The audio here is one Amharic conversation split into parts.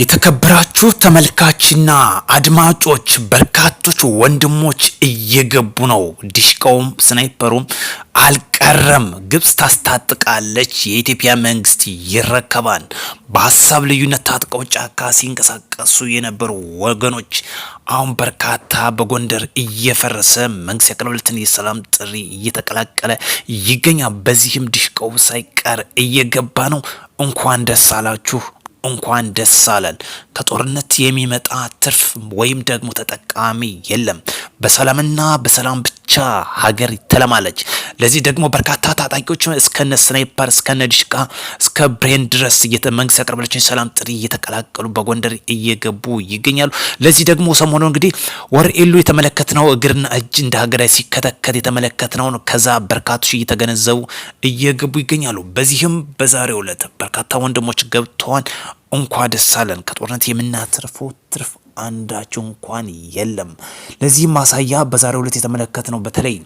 የተከበራችሁ ተመልካችና አድማጮች በርካቶች ወንድሞች እየገቡ ነው። ዲሽቀውም ስናይፐሩም አልቀረም። ግብፅ ታስታጥቃለች፣ የኢትዮጵያ መንግስት ይረከባል። በሀሳብ ልዩነት ታጥቀው ጫካ ሲንቀሳቀሱ የነበሩ ወገኖች አሁን በርካታ በጎንደር እየፈረሰ መንግስት ያቀረበለትን የሰላም ጥሪ እየተቀላቀለ ይገኛል። በዚህም ዲሽቀው ሳይቀር እየገባ ነው። እንኳን ደስ አላችሁ። እንኳን ደስ አለን። ከጦርነት የሚመጣ ትርፍ ወይም ደግሞ ተጠቃሚ የለም። በሰላምና በሰላም ብቻ ሀገር ተለማለች። ለዚህ ደግሞ በርካታ ታጣቂዎች እስከነ ስናይፐር እስከነ ዲሽቃ እስከ ብሬን ድረስ መንግስት ያቀርበለችን ሰላም ጥሪ እየተቀላቀሉ በጎንደር እየገቡ ይገኛሉ። ለዚህ ደግሞ ሰሞኑ እንግዲህ ወርኤሉ የተመለከትነው እግርና እጅ እንደ ሀገር ሲከተከት የተመለከትነው ከዛ በርካቶች እየተገነዘቡ እየገቡ ይገኛሉ። በዚህም በዛሬው ዕለት በርካታ ወንድሞች ገብተዋል። እንኳ ደስ አለን። ከጦርነት የምናትርፈው ትርፍ አንዳቸው እንኳን የለም። ለዚህ ማሳያ በዛሬው ዕለት ነው። በተለይ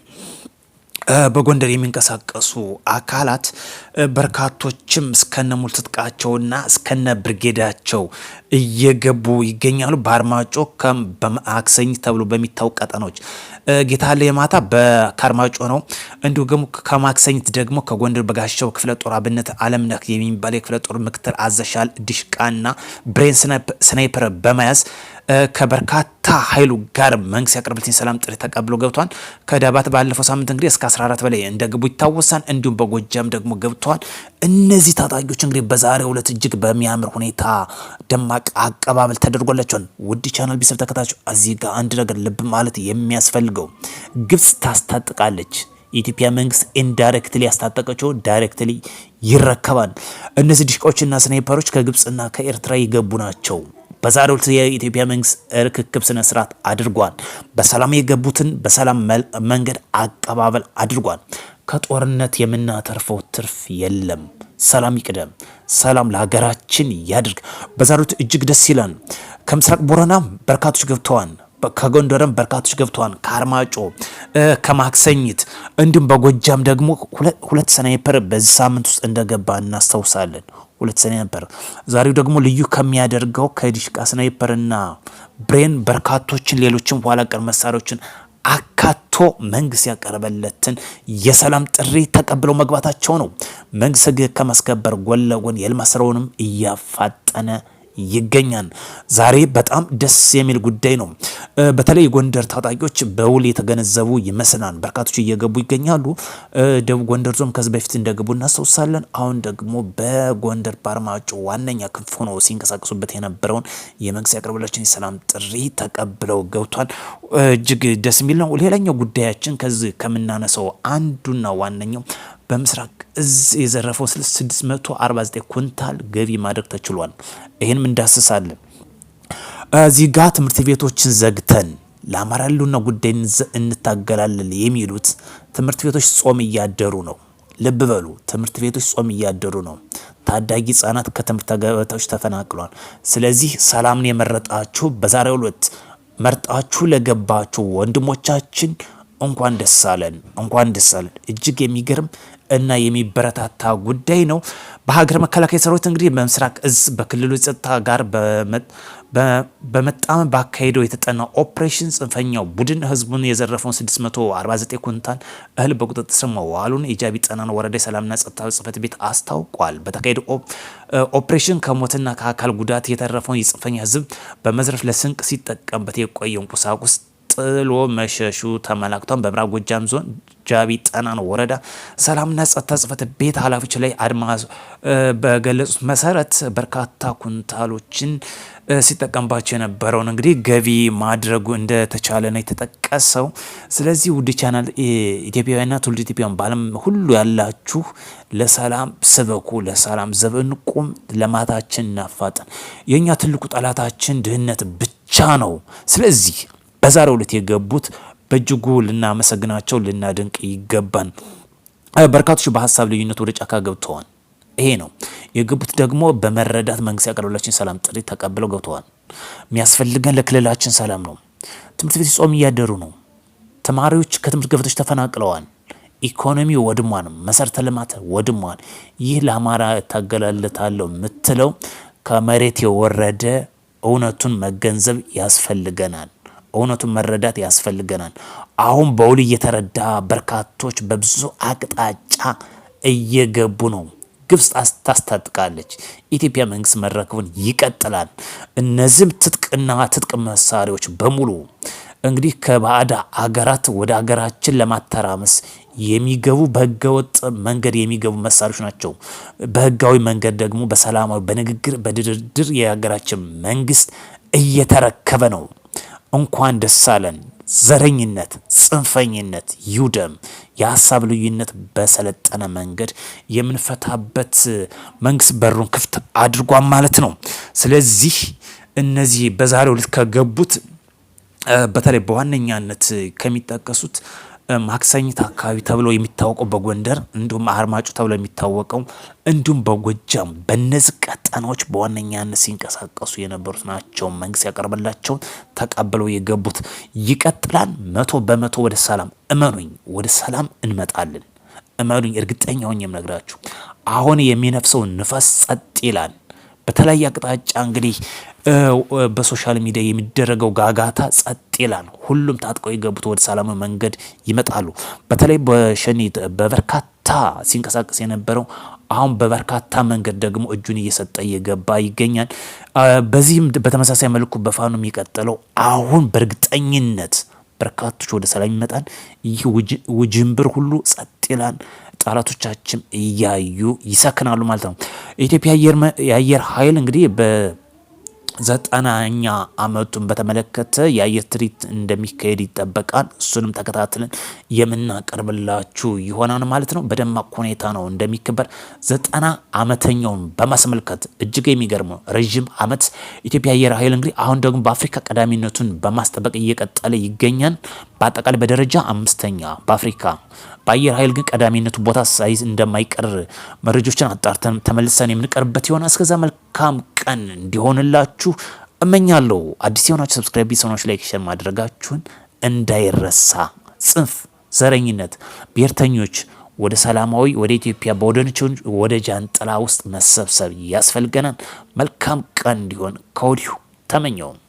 በጎንደር የሚንቀሳቀሱ አካላት በርካቶችም እስከነ ሙሉ ትጥቃቸውና እስከነ ብርጌዳቸው እየገቡ ይገኛሉ። በአርማጮ ከም በማክሰኝ ተብሎ በሚታወቅ ቀጠኖች ጌታ ለ የማታ በካርማጮ ነው። እንዲሁ ግሞ ከማክሰኝት ደግሞ ከጎንደር በጋሻው ክፍለ ጦር አብነት አለምነህ የሚባለው የክፍለ ጦር ምክትል አዘሻል ዲሽቃና ብሬን ስናይፐር በመያዝ ከበርካታ ኃይሉ ጋር መንግስት ያቀርብልኝ ሰላም ጥሪ ተቀብሎ ገብቷል። ከዳባት ባለፈው ሳምንት እንግዲህ እስከ 14 በላይ እንደገቡ ይታወሳል። እንዲሁም በጎጃም ደግሞ ገብቷል። እነዚህ ታጣቂዎች እንግዲህ በዛሬው ዕለት እጅግ በሚያምር ሁኔታ ደማቅ አቀባበል ተደርጎላቸዋል። ውድ ቻናል ቢሰብ ተከታታዮች እዚህ ጋር አንድ ነገር ልብ ማለት የሚያስፈልገው ግብጽ ታስታጥቃለች። የኢትዮጵያ መንግስት ኢንዳይሬክትሊ ያስታጠቀችው ዳይሬክትሊ ይረከባል። እነዚህ ድሽቃዎችና ስናይፐሮች ከግብፅና ከኤርትራ የገቡ ናቸው። በዛሬው ዕለት የኢትዮጵያ መንግስት ርክክብ ስነ ስርዓት አድርጓል። በሰላም የገቡትን በሰላም መንገድ አቀባበል አድርጓል። ከጦርነት የምናተርፈው ትርፍ የለም። ሰላም ይቅደም። ሰላም ለሀገራችን ያድርግ። በዛሬው ዕለት እጅግ ደስ ይላል። ከምስራቅ ቦረና በርካቶች ገብተዋል። ከጎንደርም በርካቶች ገብተዋል። ከአርማጮ ከማክሰኝት እንዲሁም በጎጃም ደግሞ ሁለት ስናይፐር በዚህ ሳምንት ውስጥ እንደገባ እናስታውሳለን። ሁለት ስናይፐር ዛሬው ደግሞ ልዩ ከሚያደርገው ከዲሽቃ ስናይፐርና ብሬን በርካቶችን ሌሎችን ኋላ ቀር መሳሪያዎችን አካቶ መንግስት ያቀረበለትን የሰላም ጥሪ ተቀብለው መግባታቸው ነው። መንግስት ህግ ከማስከበር ጎን ለጎን የልማት ስራውንም እያፋጠነ ይገኛል። ዛሬ በጣም ደስ የሚል ጉዳይ ነው። በተለይ ጎንደር ታጣቂዎች በውል የተገነዘቡ ይመስላል። በርካቶች እየገቡ ይገኛሉ። ደቡብ ጎንደር ዞን ከዚህ በፊት እንደገቡ እናስታውሳለን። አሁን ደግሞ በጎንደር ባርማጮ ዋነኛ ክንፍ ሆኖ ሲንቀሳቀሱበት የነበረውን የመንግስት ያቅርብላችን የሰላም ጥሪ ተቀብለው ገብቷል። እጅግ ደስ የሚል ነው። ሌላኛው ጉዳያችን ከዚህ ከምናነሳው አንዱና ዋነኛው በምስራቅ እዝ የዘረፈው 649 ኩንታል ገቢ ማድረግ ተችሏል። ይህንም እንዳስሳለን። እዚህ ጋር ትምህርት ቤቶችን ዘግተን ለአማራ ህልውና ጉዳይ እንታገላለን የሚሉት ትምህርት ቤቶች ጾም እያደሩ ነው። ልብ በሉ፣ ትምህርት ቤቶች ጾም እያደሩ ነው። ታዳጊ ህጻናት ከትምህርት ገበታዎች ተፈናቅሏል። ስለዚህ ሰላምን የመረጣችሁ በዛሬው ዕለት መርጣችሁ ለገባችሁ ወንድሞቻችን እንኳን ደስ አለን፣ እንኳን ደስ አለን። እጅግ የሚገርም እና የሚበረታታ ጉዳይ ነው። በሀገር መከላከያ ሰራዊት እንግዲህ በምስራቅ እዝ በክልሉ ጸጥታ ጋር በመጣመር ባካሄደው የተጠና ኦፕሬሽን ጽንፈኛው ቡድን ህዝቡን የዘረፈውን 649 ኩንታል እህል በቁጥጥር ስር መዋሉን የጃቢ ጠናን ወረዳ የሰላምና ጸጥታ ጽህፈት ቤት አስታውቋል። በተካሄደው ኦፕሬሽን ከሞትና ከአካል ጉዳት የተረፈውን የጽንፈኛ ህዝብ በመዝረፍ ለስንቅ ሲጠቀምበት የቆየውን ቁሳቁስ ጥሎ መሸሹ ተመላክቷን በምዕራብ ጎጃም ዞን ጃቢ ጠናን ወረዳ ሰላምና ጸጥታ ጽሕፈት ቤት ኃላፊዎች ላይ አድማስ በገለጹት መሰረት በርካታ ኩንታሎችን ሲጠቀምባቸው የነበረውን እንግዲህ ገቢ ማድረጉ እንደተቻለ ነው የተጠቀሰው። ስለዚህ ውድ ቻናል ኢትዮጵያውያንና ትውልድ ኢትዮጵያን በዓለም ሁሉ ያላችሁ ለሰላም ስበኩ፣ ለሰላም ዘብንቁም፣ ልማታችን እናፋጠን። የእኛ ትልቁ ጠላታችን ድህነት ብቻ ነው። ስለዚህ በዛሬው ዕለት የገቡት በእጅጉ ልናመሰግናቸው ልናደንቅ ይገባን። በርካቶች በሀሳብ ልዩነት ወደ ጫካ ገብተዋል። ይሄ ነው የገቡት ደግሞ በመረዳት መንግስት ያቀረበላችን ሰላም ጥሪ ተቀብለው ገብተዋል። የሚያስፈልገን ለክልላችን ሰላም ነው። ትምህርት ቤት ጾም እያደሩ ነው። ተማሪዎች ከትምህርት ገበቶች ተፈናቅለዋል። ኢኮኖሚ ወድሟን፣ መሰረተ ልማት ወድሟን። ይህ ለአማራ እታገላለታለሁ የምትለው ከመሬት የወረደ እውነቱን መገንዘብ ያስፈልገናል። እውነቱን መረዳት ያስፈልገናል። አሁን በውል እየተረዳ በርካቶች በብዙ አቅጣጫ እየገቡ ነው። ግብጽ ታስታጥቃለች። ኢትዮጵያ መንግስት መረከቡን ይቀጥላል። እነዚህም ትጥቅና ትጥቅ መሳሪያዎች በሙሉ እንግዲህ ከባዕዳ አገራት ወደ አገራችን ለማተራመስ የሚገቡ በህገወጥ መንገድ የሚገቡ መሳሪያዎች ናቸው። በህጋዊ መንገድ ደግሞ በሰላማዊ በንግግር በድርድር የሀገራችን መንግስት እየተረከበ ነው። እንኳን ደስ አለን። ዘረኝነት፣ ጽንፈኝነት ይውደም። የሀሳብ ልዩነት በሰለጠነ መንገድ የምንፈታበት መንግስት በሩን ክፍት አድርጓን ማለት ነው። ስለዚህ እነዚህ በዛሬው ዕለት ከገቡት በተለይ በዋነኛነት ከሚጠቀሱት ማክሰኝት አካባቢ ተብሎ የሚታወቀው በጎንደር እንዲሁም አርማጩ ተብሎ የሚታወቀው እንዲሁም በጎጃም በነዚህ ቀጠናዎች በዋነኛነት ሲንቀሳቀሱ የነበሩት ናቸው። መንግስት ያቀርበላቸውን ተቀብለው የገቡት ይቀጥላል። መቶ በመቶ ወደ ሰላም እመኑኝ፣ ወደ ሰላም እንመጣለን። እመኑኝ፣ እርግጠኛ ሆኜ የምነግራችሁ አሁን የሚነፍሰው ንፋስ ጸጥ ይላል። በተለያየ አቅጣጫ እንግዲህ በሶሻል ሚዲያ የሚደረገው ጋጋታ ጸጥ ይላል። ሁሉም ታጥቀው የገቡት ወደ ሰላማዊ መንገድ ይመጣሉ። በተለይ በሸኒ በበርካታ ሲንቀሳቀስ የነበረው አሁን በበርካታ መንገድ ደግሞ እጁን እየሰጠ እየገባ ይገኛል። በዚህም በተመሳሳይ መልኩ በፋኖ የሚቀጥለው አሁን በእርግጠኝነት በርካቶች ወደ ሰላም ይመጣል። ይህ ውጅንብር ሁሉ ጸጥ ይላል። ጠላቶቻችን እያዩ ይሰክናሉ ማለት ነው። ኢትዮጵያ የአየር ኃይል እንግዲህ ዘጠናኛ ዓመቱን በተመለከተ የአየር ትርኢት እንደሚካሄድ ይጠበቃል። እሱንም ተከታትለን የምናቀርብላችሁ ይሆናል ማለት ነው። በደማቅ ሁኔታ ነው እንደሚከበር ዘጠና ዓመተኛውን በማስመልከት እጅግ የሚገርመው ረዥም ዓመት ኢትዮጵያ አየር ኃይል እንግዲህ አሁን ደግሞ በአፍሪካ ቀዳሚነቱን በማስጠበቅ እየቀጠለ ይገኛል። በአጠቃላይ በደረጃ አምስተኛ በአፍሪካ በአየር ኃይል ግን ቀዳሚነቱ ቦታ ሳይዝ እንደማይቀር መረጆችን አጣርተን ተመልሰን የምንቀርብበት ይሆናል። እስከዛ መልካም ቀን እንዲሆንላችሁ እመኛለሁ። አዲስ የሆናችሁ ሰብስክራይብ፣ ቢሰኖች ላይክ፣ ሸር ማድረጋችሁን እንዳይረሳ። ጽንፍ፣ ዘረኝነት፣ ብሔርተኞች ወደ ሰላማዊ ወደ ኢትዮጵያ በወደንችን ወደ ጃንጥላ ውስጥ መሰብሰብ ያስፈልገናል። መልካም ቀን እንዲሆን ከወዲሁ ተመኘውም።